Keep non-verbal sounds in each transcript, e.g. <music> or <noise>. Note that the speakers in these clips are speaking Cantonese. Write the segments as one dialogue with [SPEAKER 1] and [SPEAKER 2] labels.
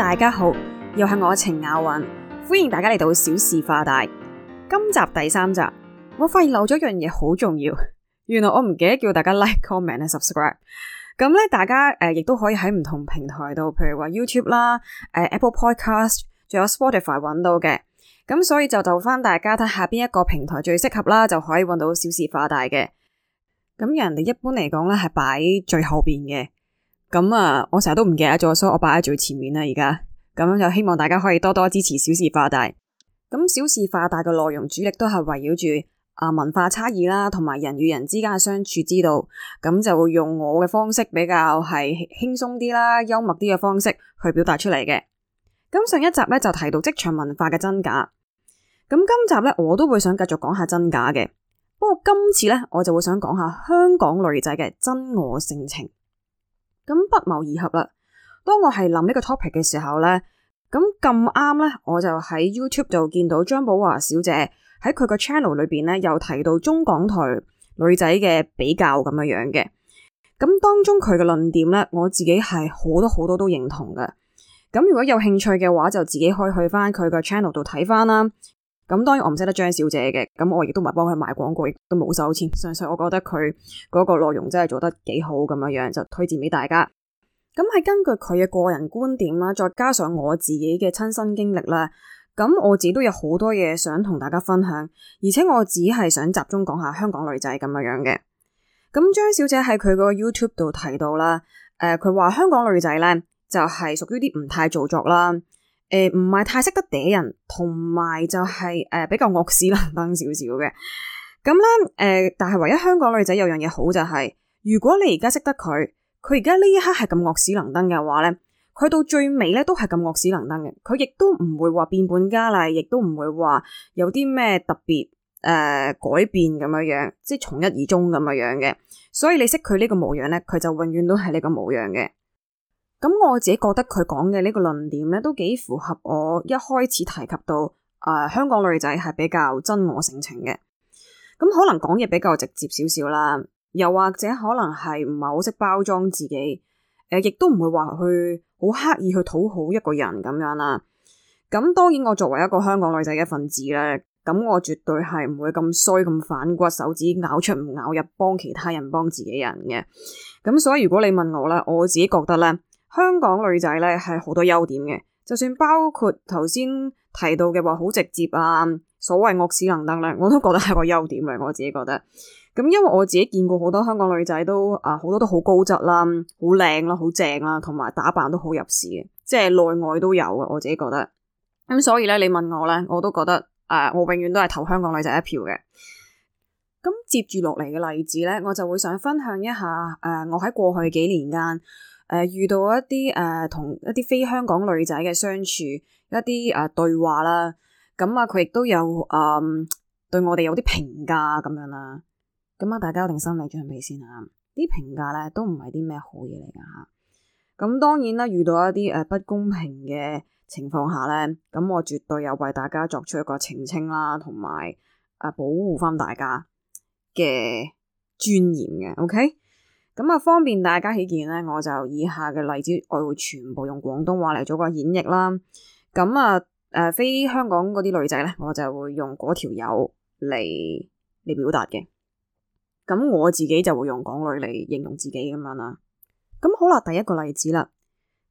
[SPEAKER 1] 大家好，又係我程亞韻，歡迎大家嚟到小事化大。今集第三集，我發現漏咗樣嘢好重要，原來我唔記得叫大家 like、comment、subscribe。咁咧，大家誒、呃、亦都可以喺唔同平台度，譬如話 YouTube 啦、呃，誒 Apple Podcast，仲有 Spotify 揾到嘅。咁所以就就翻大家睇下邊一個平台最適合啦，就可以揾到小事化大嘅。咁人哋一般嚟講咧，係擺最後邊嘅。咁啊，我成日都唔記得咗，所以我擺喺最前面啦。而家咁就希望大家可以多多支持《小事化大》。咁《小事化大》嘅內容主力都係圍繞住啊文化差異啦，同埋人與人之間嘅相處之道。咁就會用我嘅方式比較係輕鬆啲啦、幽默啲嘅方式去表達出嚟嘅。咁上一集咧就提到職場文化嘅真假，咁今集咧我都會想繼續講下真假嘅。不過今次咧我就會想講下香港女仔嘅真我性情。咁不謀而合啦！當我係諗呢個 topic 嘅時候呢，咁咁啱呢，我就喺 YouTube 度見到張寶華小姐喺佢個 channel 裏邊呢，又提到中港台女仔嘅比較咁樣樣嘅。咁當中佢嘅論點呢，我自己係好多好多都認同嘅。咁如果有興趣嘅話，就自己可以去翻佢個 channel 度睇翻啦。咁當然我唔識得張小姐嘅，咁我亦都唔係幫佢賣廣告，亦都冇收錢。純粹我覺得佢嗰個內容真係做得幾好咁樣樣，就推薦畀大家。咁係根據佢嘅個人觀點啦，再加上我自己嘅親身經歷啦，咁我自己都有好多嘢想同大家分享，而且我只係想集中講下香港女仔咁樣樣嘅。咁張小姐喺佢嗰個 YouTube 度提到啦，誒佢話香港女仔咧就係屬於啲唔太做作啦。誒，唔係、呃、太識得嗲人，同埋就係、是、誒、呃、比較惡死能登少少嘅。咁、嗯、咧，誒、呃，但係唯一香港女仔有樣嘢好就係、是，如果你而家識得佢，佢而家呢一刻係咁惡死能登嘅話咧，佢到最尾咧都係咁惡死能登嘅。佢亦都唔會話變本加厲，亦都唔會話有啲咩特別誒、呃、改變咁樣樣，即係從一而終咁樣樣嘅。所以你識佢呢個模樣咧，佢就永遠都係呢個模樣嘅。咁我自己覺得佢講嘅呢個論點咧，都幾符合我一開始提及到誒、呃、香港女仔係比較真我性情嘅。咁、嗯、可能講嘢比較直接少少啦，又或者可能係唔係好識包裝自己，亦都唔會話去好刻意去討好一個人咁樣啦。咁、嗯、當然我作為一個香港女仔嘅份子咧，咁、嗯、我絕對係唔會咁衰咁反骨，手指拗出唔拗入幫其他人幫自己人嘅。咁、嗯、所以如果你問我咧，我自己覺得咧。香港女仔咧，係好多優點嘅，就算包括頭先提到嘅話好直接啊，所謂惡死能登咧，我都覺得係個優點嘅。我自己覺得咁，因為我自己見過好多香港女仔都啊，好多都好高質啦，好靚啦，好正啦，同埋打扮都好入時嘅，即係內外都有嘅。我自己覺得咁，所以咧，你問我咧，我都覺得誒、啊，我永遠都係投香港女仔一票嘅。咁接住落嚟嘅例子咧，我就會想分享一下誒、啊，我喺過去幾年間。誒、呃，遇到一啲誒，同、呃、一啲非香港女仔嘅相處，一啲誒對話啦，咁啊，佢亦都有誒、呃，對我哋有啲評價咁樣啦。咁啊，大家一定心理準備先啊。啲評價咧都唔係啲咩好嘢嚟㗎吓。咁當然啦，遇到一啲誒、呃、不公平嘅情況下咧，咁我絕對有為大家作出一個澄清啦，同埋誒保護翻大家嘅尊嚴嘅，OK？咁啊，方便大家起見咧，我就以下嘅例子，我會全部用廣東話嚟做一個演繹啦。咁啊，誒，非香港嗰啲女仔咧，我就會用嗰條友嚟嚟表達嘅。咁我自己就會用港女嚟形容自己咁樣啦。咁好啦，第一個例子啦。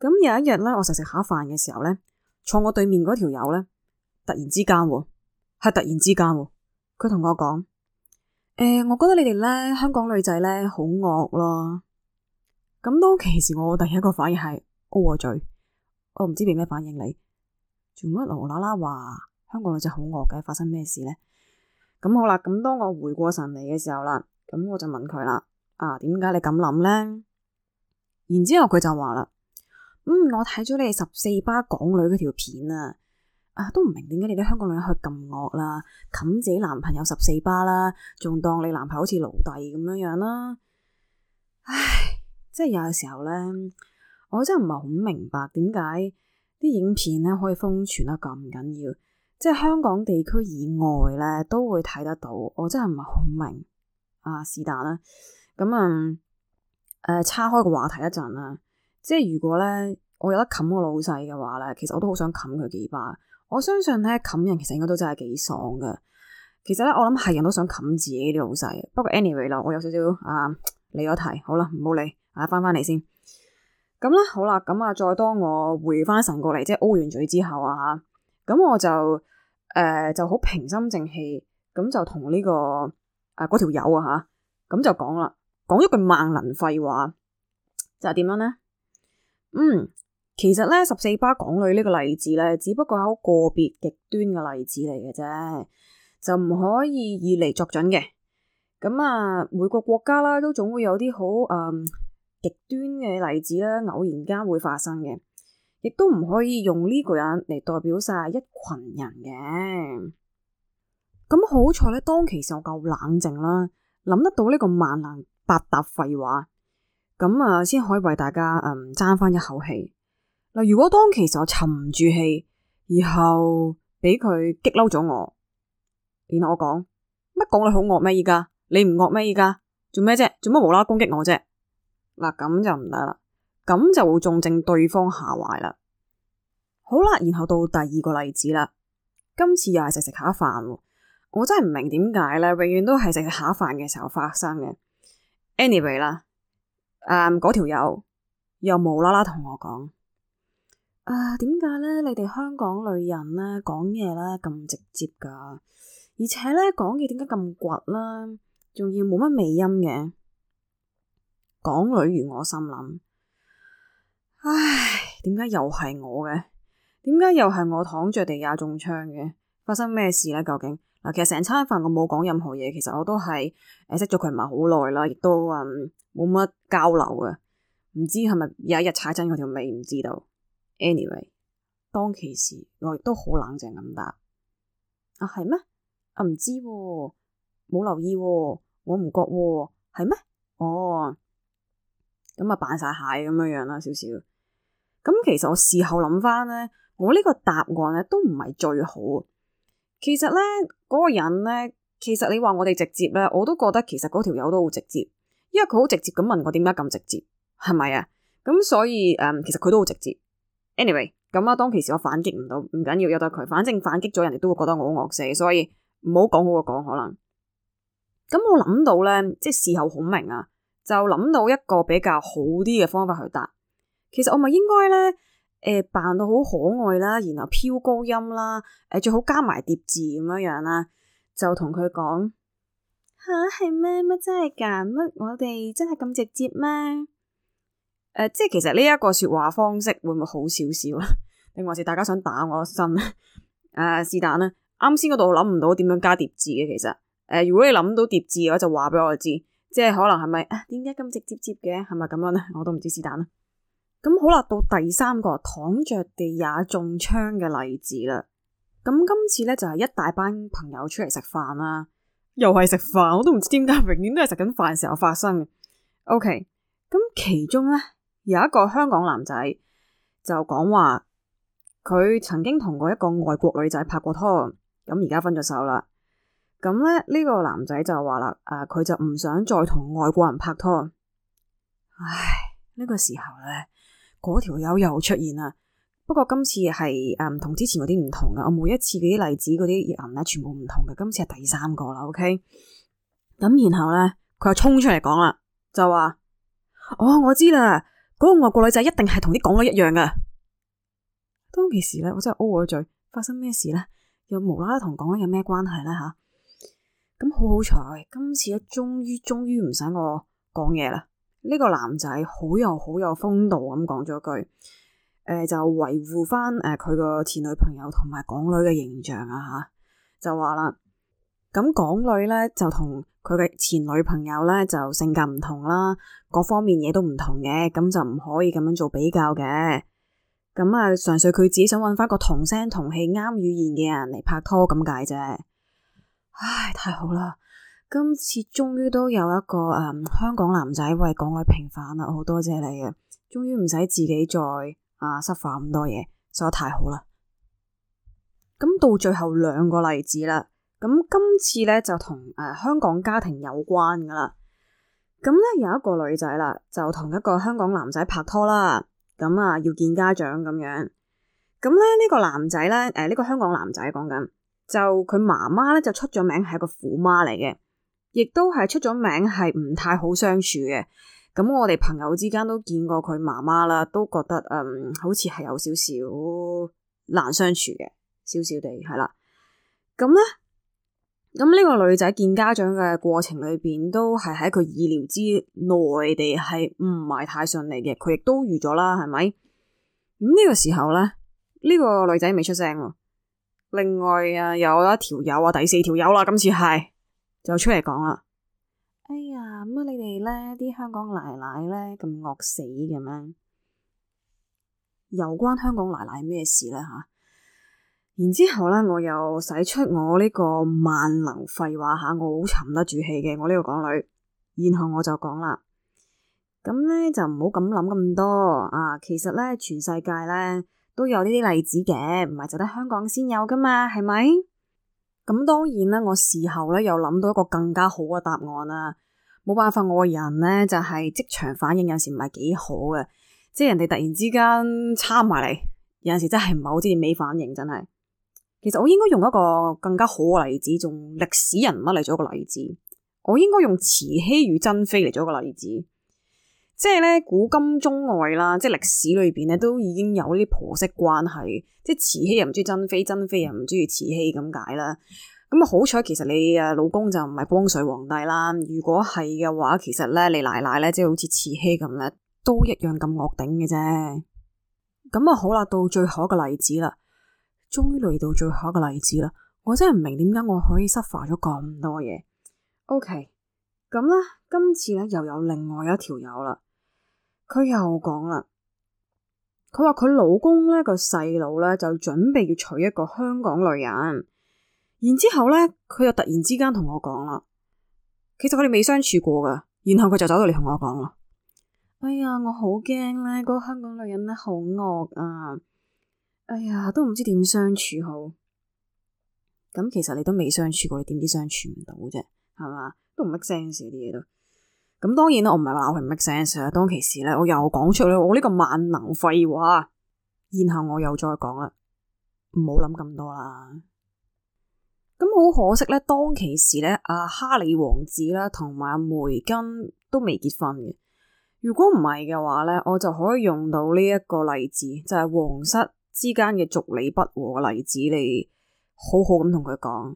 [SPEAKER 1] 咁有一日咧，我食食下飯嘅時候咧，坐我對面嗰條友咧，突然之間，係突然之間，佢同我講。呃、我覺得你哋咧，香港女仔咧好惡咯，咁當其時我，第一個反應係哦我嘴，我唔知俾咩反應你，全部一無啦啦話香港女仔好惡，咁發生咩事咧？咁好啦，咁當我回過神嚟嘅時候啦，咁我就問佢啦，啊，點解你咁諗咧？然之後佢就話啦，嗯，我睇咗你十四巴港女嗰條片啊。啊，都唔明點解你啲香港女人去咁惡啦，冚自己男朋友十四巴啦，仲當你男朋友好似奴隸咁樣樣、啊、啦。唉，即係有嘅時候咧，我真係唔係好明白點解啲影片咧可以瘋傳得咁緊要，即係香港地區以外咧都會睇得到，我真係唔係好明啊，是但啦。咁啊，誒、嗯，岔、呃、開個話題一陣啦。即係如果咧，我有得冚我老細嘅話咧，其實我都好想冚佢幾巴。我相信咧冚人其實應該都真係幾爽噶。其實咧我諗係人都想冚自己啲老細。不過 anyway 啦，我有少少啊離咗題，好啦，唔好理，啊翻翻嚟先。咁咧好啦，咁啊再當我回翻神過嚟，即係 O 完嘴之後啊吓，咁我就誒、啊、就好平心靜氣，咁就同呢、這個誒嗰條友啊吓，咁、那個啊、就講啦，講一句萬能廢話就係、是、點樣咧？嗯。其實咧，十四巴港女呢個例子咧，只不過係好個別極端嘅例子嚟嘅啫，就唔可以以嚟作準嘅。咁啊，每個國家啦，都總會有啲好誒極端嘅例子咧，偶然間會發生嘅，亦都唔可以用呢個人嚟代表晒一群人嘅。咁好彩咧，當其時我夠冷靜啦，諗得到呢個萬能八達廢話，咁啊，先可以為大家誒、嗯、爭翻一口氣。嗱，如果當其時我沉唔住氣，然後畀佢激嬲咗我，然後我講乜講？你好惡咩？依家你唔惡咩？依家做咩啫？做乜無啦啦攻擊我啫？嗱，咁就唔得啦，咁就會正中對方下懷啦。好啦，然後到第二個例子啦，今次又係食食下飯，我真係唔明點解咧，永遠都係食食下飯嘅時候發生嘅。anyway 啦，啊，嗰條友又無啦啦同我講。啊，點解咧？你哋香港女人咧講嘢咧咁直接噶，而且咧講嘢點解咁倔啦？仲要冇乜尾音嘅港女，如我心諗，唉，點解又係我嘅？點解又係我躺着地下中槍嘅？發生咩事咧？究竟嗱，其實成餐飯我冇講任何嘢，其實我都係誒識咗佢唔係好耐啦，亦都嗯冇乜交流嘅，唔知係咪有一日踩親佢條尾，唔知道。Anyway，當其時我亦都好冷靜咁答啊，係咩啊？唔知冇、喎、留意、喎，我唔覺係咩、喎、哦。咁啊扮晒蟹咁樣樣啦，少少咁。其實我事後諗翻咧，我呢個答案咧都唔係最好。其實咧嗰、嗰個人咧，其實你話我哋直接咧，我都覺得其實嗰條友都好直接，因為佢好直接咁問我點解咁直接係咪啊？咁所以誒、嗯，其實佢都好直接。Anyway，咁啊，當其時我反擊唔到，唔緊要，有得佢。反正反擊咗，人哋都會覺得我好惡死，所以唔好講好過講可能。咁我諗到咧，即係事後孔明啊，就諗到一個比較好啲嘅方法去答。其實我咪應該咧，誒扮到好可愛啦，然後飄高音啦，誒最好加埋疊字咁樣樣啦，就同佢講吓係咩？乜真係噶？乜我哋真係咁直接咩？誒、呃，即係其實呢一個說話方式會唔會好少少啊？定 <laughs> 還是大家想打我身咧？是但啦。啱先嗰度諗唔到點樣加疊字嘅，其實誒、呃，如果你諗到疊字嘅話，就話俾我知。即係可能係咪？點解咁直接接嘅？係咪咁樣咧？我都唔知是但啦。咁好啦，到第三個躺着地也中槍嘅例子啦。咁今次咧就係、是、一大班朋友出嚟食飯啦，又係食飯，我都唔知點解永遠都係食緊飯時候發生嘅。OK，咁其中咧。有一個香港男仔就講話，佢曾經同過一個外國女仔拍過拖，咁而家分咗手啦。咁咧呢個男仔就話啦，誒，佢就唔想再同外國人拍拖。唉，呢個時候咧，嗰條友又出現啦。不過今次係誒同之前嗰啲唔同噶，我每一次嘅啲例子嗰啲人咧全部唔同嘅，今次係第三個啦。OK，咁然後咧佢又衝出嚟講啦，就話：哦，我知啦。嗰個外國女仔一定係同啲港女一樣噶，當其時咧，我真係 O 咗嘴。發生咩事咧？又無啦啦同港女有咩關係咧？吓、啊，咁好好彩，今次咧終於終於唔使我講嘢啦。呢、這個男仔好有好有風度咁講咗句，誒、呃、就維護翻誒佢個前女朋友同埋港女嘅形象啊吓，就話啦，咁港女咧就同。佢嘅前女朋友咧就性格唔同啦，各方面嘢都唔同嘅，咁就唔可以咁樣做比較嘅。咁啊，純粹佢只想揾翻個同聲同氣、啱語言嘅人嚟拍拖咁解啫。唉，太好啦！今次終於都有一個誒、嗯、香港男仔為港女平反啦，好多謝你嘅，終於唔使自己再啊 suffer 咁多嘢，實在太好啦！咁到最後兩個例子啦。咁今次咧就同誒、呃、香港家庭有關噶啦，咁咧有一個女仔啦，就同一個香港男仔拍拖啦，咁啊要見家長咁樣，咁咧呢、呢個男仔咧誒呢、呃呢個香港男仔講緊，就佢媽媽咧就出咗名係一個虎媽嚟嘅，亦都係出咗名係唔太好相處嘅，咁我哋朋友之間都見過佢媽媽啦，都覺得嗯好似係有少少難相處嘅，少少地係啦，咁咧。咁呢個女仔見家長嘅過程裏邊，都係喺佢意料之內地，係唔係太順利嘅？佢亦都預咗啦，係咪？咁呢個時候咧，呢個女仔未出聲。另外啊，有一條友啊，第四條友啦，今次係就出嚟講啦。哎呀，乜你哋咧啲香港奶奶咧咁惡死嘅咩？又關香港奶奶咩事咧？吓？然之後咧，我又使出我呢個萬能廢話吓，我好沉得住氣嘅，我呢個港女。然後我就講啦，咁咧就唔好咁諗咁多啊。其實咧，全世界咧都有呢啲例子嘅，唔係就得香港先有噶嘛，係咪？咁當然啦，我事後咧又諗到一個更加好嘅答案啦。冇辦法我呢，我個人咧就係、是、即場反應有陣時唔係幾好嘅，即係人哋突然之間插埋嚟，有陣時真係唔係好知點咩反應，真係。其實我應該用一個更加好嘅例子，用歷史人物嚟，做一個例子。我應該用慈禧與珍妃嚟做一個例子。即係咧，古今中外啦，即係歷史裏邊咧，都已經有啲婆媳關係。即係慈禧又唔中意珍妃，珍妃又唔中意慈禧咁解啦。咁啊，好彩其實你啊老公就唔係光緒皇帝啦。如果係嘅話，其實咧你奶奶咧即係好似慈禧咁咧，都一樣咁惡頂嘅啫。咁啊好啦，到最後一個例子啦。終於嚟到最後一個例子啦，我真係唔明點解我可以失化咗咁多嘢。OK，咁咧，今次咧又有另外一條友啦，佢又講啦，佢話佢老公咧個細佬咧就準備要娶一個香港女人，然之後咧佢又突然之間同我講啦，其實佢哋未相處過噶，然後佢就走到嚟同我講啦，哎呀，我好驚咧，嗰個香港女人咧好惡啊！哎呀，都唔知點相處好咁。其實你都未相處過，你點知相處唔到啫？係嘛，都唔 make sense 啲嘢都咁。當然啦，我唔係話我係唔 make sense 啦。當其時咧，我又講出嚟，我呢個萬能廢話，然後我又再講啦，唔好諗咁多啦。咁好可惜咧，當其時咧，阿哈利王子啦，同埋阿梅根都未結婚嘅。如果唔係嘅話咧，我就可以用到呢一個例子，就係皇室。之間嘅妯娌不和例子，你好好咁同佢講，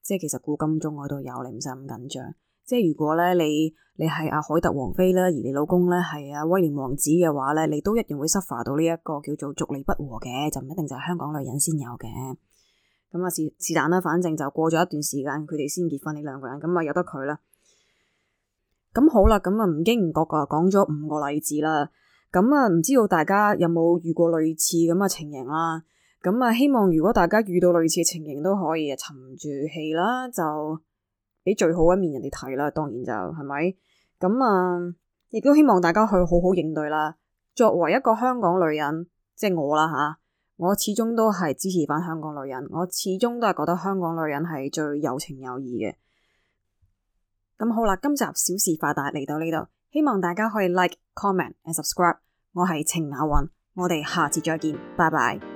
[SPEAKER 1] 即係其實古今中外都有，你唔使咁緊張。即係如果咧，你你係阿凱特王妃啦，而你老公咧係阿威廉王子嘅話咧，你都一定會 suffer 到呢一個叫做妯娌不和嘅，就唔一定就係香港女人先有嘅。咁啊是是但啦，反正就過咗一段時間，佢哋先結婚呢兩個人，咁啊由得佢啦。咁好啦，咁啊唔經唔覺噶，講咗五個例子啦。咁啊，唔、嗯、知道大家有冇遇過類似咁嘅情形啦、啊？咁、嗯、啊，希望如果大家遇到類似嘅情形，都可以啊沉住氣啦，就畀最好一面人哋睇啦。當然就係咪？咁啊，亦、嗯、都、嗯、希望大家去好好應對啦。作為一個香港女人，即係我啦吓，我始終都係支持翻香港女人。我始終都係覺得香港女人係最有情有義嘅。咁、嗯、好啦，今集小事化大嚟到呢度，希望大家可以 like、comment and subscribe。我係程雅云，我哋下次再見，拜拜。